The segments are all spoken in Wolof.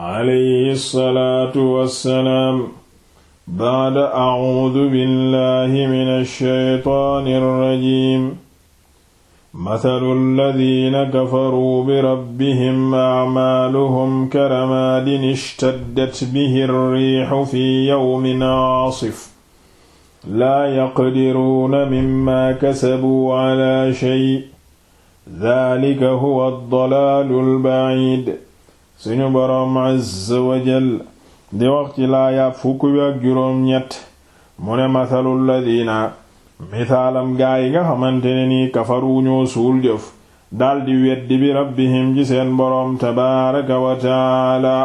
alayhi salaatu wassalaam ba'da a'uudu billahi mina shaytaani rajiim mathalu alladhiina kafaruu birabbihim a'maaluhum karamaadin ishtaddat bihi ar-riihu fii yawmin 'aasif laa yaqdiruuna mimmaa kasabuu 'alaa shay' dhaalika huwa ad-dalaalu al-ba'iid suñu boroom azza wa jal di wax ci laayaab fukk wi ak juróom ñett mu ne masalul ladina misaalam gaa yi nga xamante ne nii kafaru ñoo suul jëf daldi weddi bi rabbihim ci seen boroom tabaaraka wa taala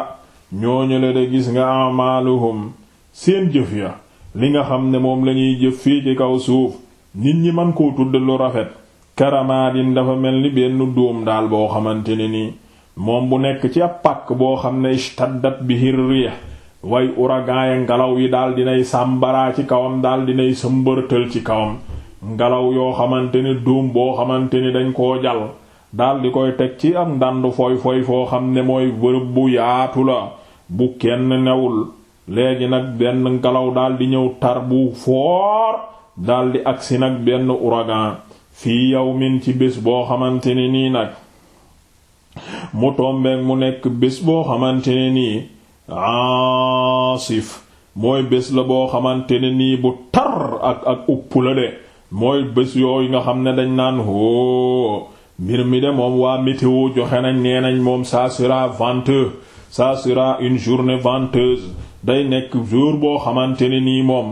ñooñu la de gis nga amaaluhum seen jëf ya li nga xam ne moom lañuy jëf fii ci kaw suuf nit ñi man koo tudd lu rafet karamaadin dafa mel ni benn dóom daal boo xamante ne nii moom bu nekk ci ab pàkk boo xam ne istaddat bihi riih way uragan ya ngelaw yi daal dinay sàmbaraa ci kawam daal dinay sëmbërtël ci kawam ngelaw yoo xamante ni duum boo xamante ni dañ koo jal daal di koy teg ci am ndànd foy foo xam ne mooy bërëb bu yaatu la bu kenn newul léegi nag benn ngelaw daal di ñëw tar bu foor daal agsi nag benn ouragan fii yawmin ci bés boo xamante ni nii nag mu tombeek mu nekk bés boo xamante ne nii aasif mooy bés la boo xamante ne nii bu tar ak ak upp mooy bés yooyu nga xam ne dañ naan hoo mbir mi de moom waa météo joxe nañ nee nañ moom ça sera venteux une journée venteuse day nekk jour boo xamante ne nii moom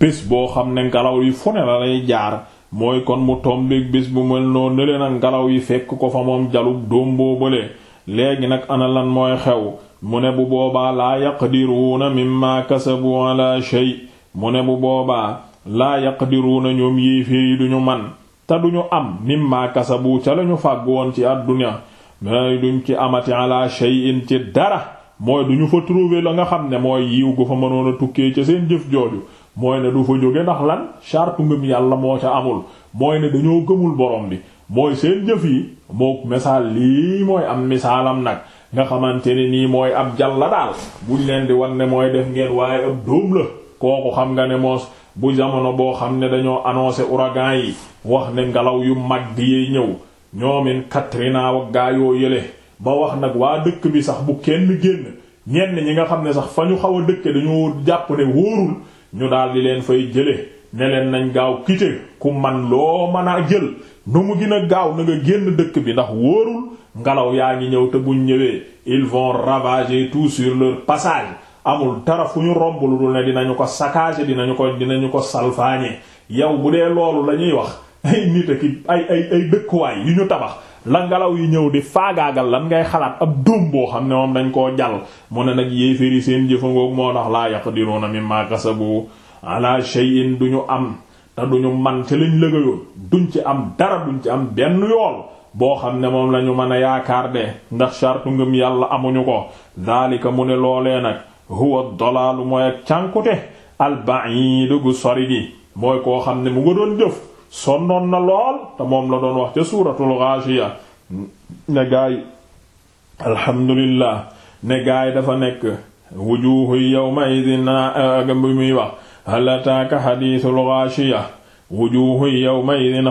bés boo xam ne ngelaw yi fu ne la lay jaar mooy kon mu tombeek bés bu mel noonu ne leen ngelaw yi fekk ko fa moom jalub doom boobale léegi nag ana lan mooy xew mu ne bu boobaa laa yaqdiruuna mimma kasabu ala shay mu ne bu boobaa laa yaqdiruuna ñoom yéeféer yi ñu man te duñu am mimma kasabu ca lañu fàgg woon ci àdduna may duñ ci amati ala shay'in ci dara mooy ñu fa trouver la nga xam ne mooy yiw gu fa mënoon a tukkee ca seen jëf jooju mooy ne du fa jóge ndax lan chartu ngëm yàlla moo ca amul mooy ne dañoo gëmul borom bi mooy seen jëf yi mook misaal lii mooy am misaalam nag nga xamante ne nii mooy ab jal la daal buñ leen di wan ne mooy def ngeen waaye ab dóom la kooku xam nga ne moos bu jamono boo xam ne dañoo annoncé ouragan yi wax ne ngelaw yu mag yi ñëw ñoomin Katrina wa gaayoo yële ba wax nag waa dëkk bi sax bu kenn génn ñenn ñi nga xam ne sax fa ñu xaw a dëkke dañu jàpp ne wóorul ñu daal di leen fay jële ne nañ gaaw kite ku man loo mën a jël nu mu gën gaaw na nga génn dëkk bi ndax wóorul ngelaw yaa ngi ñëw te buñ ñëwee ils vont ravager tout passage amul dara fu ñu romb lu dul ne dinañu ko saccager dinañu ko dinañu ko salfaañe yow bu dee loolu la ñuy wax ay nit ak ay ay ay yu ñu tabax la ngelaw yi ñëw di faagaagal lan ngay xalaat ab duum boo xam ne moom dañ koo jàll mu ne nag yéeféri seen jëfangoog moo tax laa yaqdiruna mimma kasabu ala shay'in duñu am te duñu man ca lañ duñ ci am dara duñ ci am benn yool boo xam ne moom lañu mën a yaakaar de ndax sartu ngëm yàlla amuñu ko daalika mu ne loolee nag huwa dolaalu mooy ak cànkute alba'idu gu sori gi mooy koo xam ne mu nga doon jëf sonnoon na lool te moom la doon wax ca suuratul gaasiya ne gaay alhamdulillah ne gaay dafa nekk wujuhu yawma idin ah, ah, bi muy wax hal ataaka xadiisul gaashiya wujuuhu yawma idin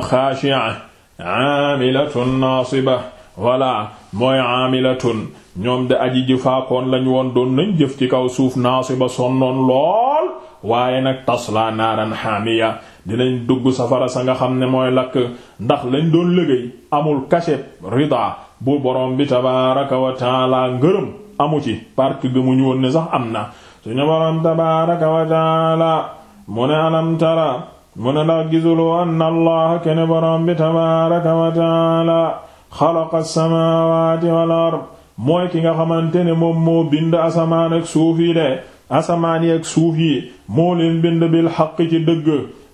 naasiba wala mooy aamilatun ñoom de aji jëfaakoon lañ woon doon jëf ci kaw suuf naasiba sonnoon lool waaye nag taslaa naaran haamiya dinañ dugg safara sa nga xam ne mooy lakk ndax lañ doon liggéey amul cachet rida bu borom bi tabaaraka wa ngërëm amu ci parce que gëmuñu sax am na suñu boroom tabaaraka wa taala mu ne alam tara mu ne ndax gisuloo anna allaha kene bi tabaaraka wa taala xalaqa samaawaati mooy ki nga xamante ne moom moo bind asamaan ak suuf yi de asamaan ak suuf yi moo leen bind bil xaq dëgg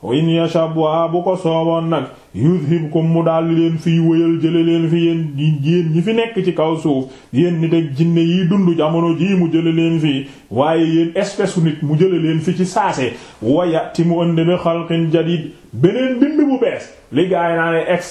in yashab waa bu ko sooboon nag yuzhibkum mu daal leen fiy wëyal jële leen fi yéen yéen ñi fi nekk ci kaw suuf yéen nit ak jinne yiy dundu jamono jii mu jële leen fii waaye yéen espèce nit mu jële leen fi ci saase waya ti mu ënd bi xalqin jadid beneen bind bu bees li gaay naa ne ak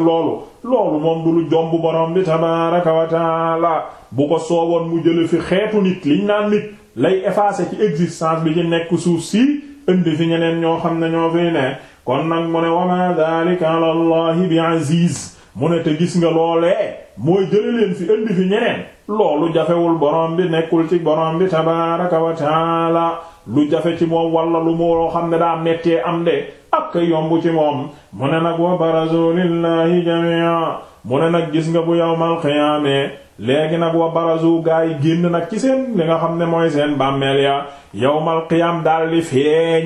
loolu loolu moom du lu jomb borom bi tabaaraka wa bu ko sooboon mu jële fi xeetu nit liñ naan nit lay effacer ci existence bi ci nekk suuf si indi fi ñeneen ñoo xam ne ñoo fiy ne kon nag mu ne wa ma daalika ala allahi bi aziz mu ne te gis nga loolee mooy jële leen fi indi fi ñeneen loolu jafewul borom bi nekkul ci borom bi tabaaraka wa taala lu jafe ci moom wala lu moo xam ne daa mettee am de ak yomb ci moom mu ne nag wa barazu lillahi mu ne nag gis nga bu yawmal qiyaamee léegi nag wa barazu gaa yi génn nag ci seen li nga xam ne mooy seen bàmmeel ya yawmal qiyaam daal di feeñ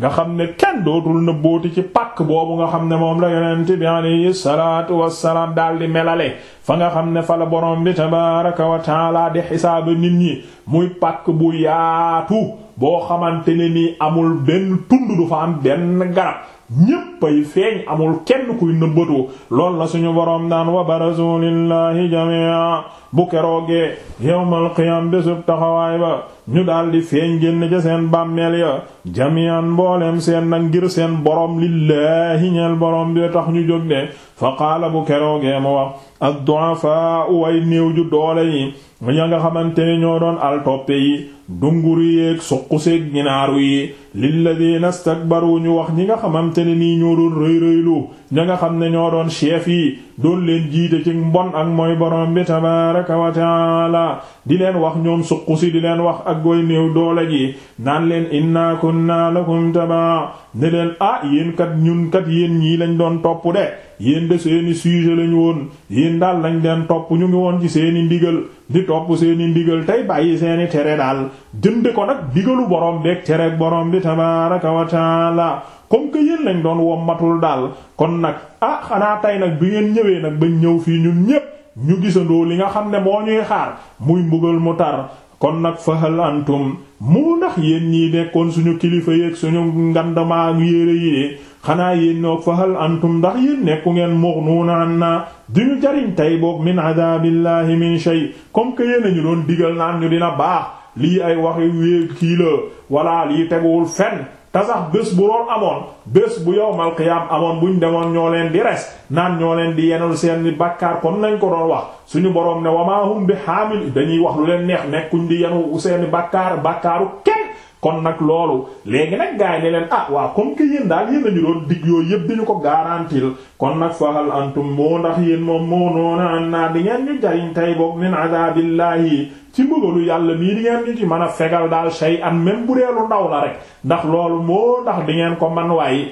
nga xam ne kenn dootul nëbbooti ci pàkk boobu nga xam ne moom la yonent bi alayhi salaatu wassalaam daal di melale fa nga xam ne fala borom bi tabaaraka wa taala di xisaabe nit ñi muy pàkk bu yaatu boo xamante ne nii amul benn tund du fa am benn garab ñépp feeñ amul kenn kuy nëbbatoo loolu la suñu boroom daan wa barazu lillahi jamia bu keroogee yawmal qiyam bésub taxawaay ba ñu daldi feeñ génn ca seen bàmmeel ya jamian mboolem seen nag ngir seen boroom lillaahi ñeel boroom bi tax ñu jóg de fa qaala bu keroogee mu wax ad-du'afa way néew ju doole yi ña nga xamante ne ñoo doon al yi dunguru yeeg suqu seeg ginaaru yi bar wu ñu wax ñi nga xamante ne nii ñoo doon rëy rëylu ña nga xam ne ñoo doon chef yi doon leen jiite ci mbon ak mooy borom bi tabaraka wa taala di leen wax ñoom suqu si di leen wax ak goy néew doole gi naan leen inna kunna lakum taba ne leen ah yéen kat ñun kat yéen ñii lañ doon topp de yéen de seeni sujet lañ woon yéen daal lañ leen topp ñu ngi woon ci seeni ndigal di topp seeni ndigal tey bàyyi seeni tere daal jënde ko nag digalu borom beeg tere borom bi tabaaraka wa taala comme que yéen lañ doon matul daal kon nag ah xanaa tey nag bi ngeen ñëwee nag bañ ñëw fii ñun ñépp ñu gisandoo li nga xam ne moo ñuy xaar muy mbugal mu tar kon nag fahal antum mu ndax yéen ñii nekkoon suñu kilifa yeeg suñu ngandamaag yére yi xanaa yéen ñoo fa hal antum ndax yéen nekku ngeen mughnuuna anna di ñu jariñ tey boog min adabillahi min shay comme que yéen ñu doon digal naan ñu dina baax lii ay wax yu kii la walla lii teguwul fenn te sax bés bu roon amoon bés bu yowmal qiyaam amoon buñ demoon ñoo leen di res naan ñoo leen di yenal seen i bàkkaar comme nañ ko doon wax suñu boroom ne wamaahum bi haamil dañuy wax leen neex nekkuñ di yenu seeni bàkkaar bàkkaaru kenn kon nag loolu léegi nag gaay ne leen ah waa comme yéen daal yéen nañu doon dig yooyu yëpp ko garantil kon nag fahal antum moo ndax yéen moom moo noona an naa di ngeen ñu jariñ tay boog min adabillahi ci mbugalu yàlla nii di ngeen ñu ci mën a fegal daal sey an même bu dee lu ndaw la rek ndax loolu moo ndax di ngeen ko man waaye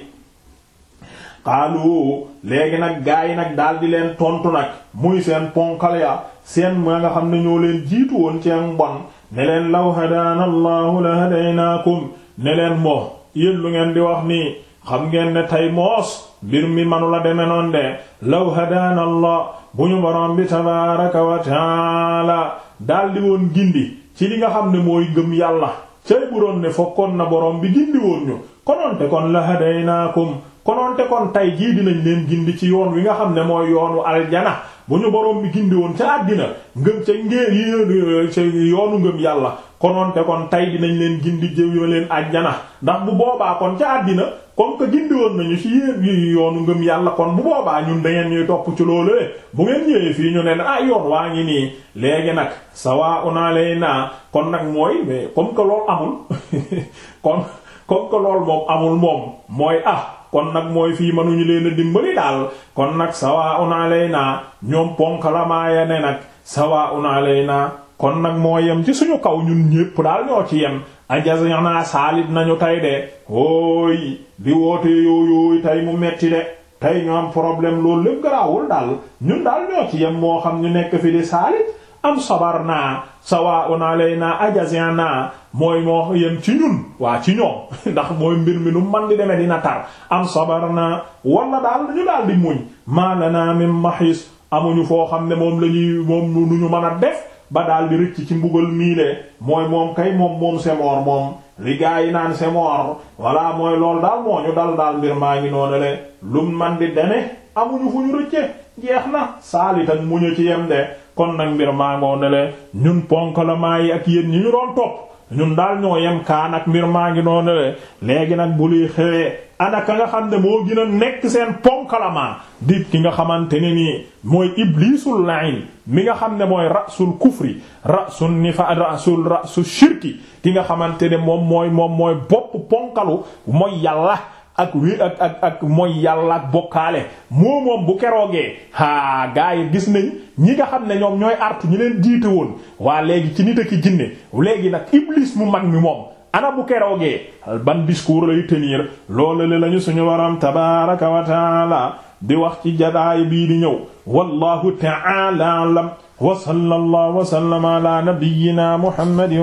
xaalu léegi nag gaay yi nag daal di leen tontu nag muy seen ponkal ya seen ma nga xam ne ñoo leen jiitu woon ci mbon ne law hadaana allahu la hadaynaakum ne moo yéen lu ngeen di wax nii xam ngeen ne tey moos mbir mi manu la deme noon de law hadaana allah borom bi tabaaraka wa taala daldi woon gindi ci li nga xam ne mooy gëm yàlla cay bu doon ne fokkoon na borom bi gindi woon ñu konoonte kon la hadaynaakum konoonte kon tey jii dinañ leen gindi ci yoon wi nga xam ne mooy yoonu aljana bu ñu boroom bi gindi woon ca àddina ngëm ca ngéer ca yoonu ngëm yàlla konoon te kon tey dinañ leen gindi jëw leen àjjana ndax bu boobaa kon ca àddina comme que gindi nañu ci yéen yoonu ngëm yàlla kon bu boobaa ñun dangeen ñuy topp ci loolee bu ngeen ñëwee fii ñu ne ah yoon waa ngi nii léegi nag sawaa'un alaynaa kon nag mooy mais comme que loolu amul kon comme que loolu moom amul moom mooy ah. kon nag mooy fii mënuñu leen a dimbali daal kon nag sawaa sawaa'un naa ñoom ponkalamaaya ne nag sawaa'un alaynaa kon nag moo yem ci suñu kaw ñun ñépp daal ñoo ci yem ajazna saalit nañu tey de ooy di woote yooyooy tey mu metti de tey ñu am problème loolu lépp garaawul daal ñun daal ñoo ci yem moo xam ñu nekk fi di saalit am sabarna sawaa'un alaynaa ajazina mooy moo yem ci ñun waa ci ñoom ndax mooy mbir mi nu man di demee dina tar am sabarna wala daal ñu daal muñ maa lanaa min mahiis amuñu foo xam ne moom la ñuy ñu mën def ba daal di rëcc ci mbugal miile mooy moom kay moom moom c'est moom li yi naan c'est mort voilà mooy loolu daal moo ñu dal daal mbir maa ngi noonu le lum man di deme amuñu fu ñu rëcce jeex na saalitan mu ñu ci yem de kon nag mbir maa ngoo ne ñun ponk la maa yi ak yéen ñi ñu doon topp ñun daal ñoo yem kaan ak mbir maa ngi noonu le léegi nag bu luy xewee ana nga xam ne moo gën a nekk seen ponkalamaa di ki nga xamante ne nii mooy iblisul la'in mi nga xam ne mooy rasul kufri rasul nifa rasul rasul shirki ki nga xamante ne moom mooy moom mooy bopp ponkalu mooy yàlla ak wii ak ak ak mooy yàlla ak bokkaale moo moom bu keroogee haa gaa yi gis nañ ñi nga xam ne ñoom ñooy artu ñu leen jiite woon waa léegi ci nit ak i jinne léegi nag iblis mu mag mi moom ana bu keroogee ban discours lay tenir loolu le lañu suñu waram tabaaraka wa taala di wax ci jadaay bii di ñëw wallahu taala alam wa sallallahu wa sallama ala nabiyyina muhammadin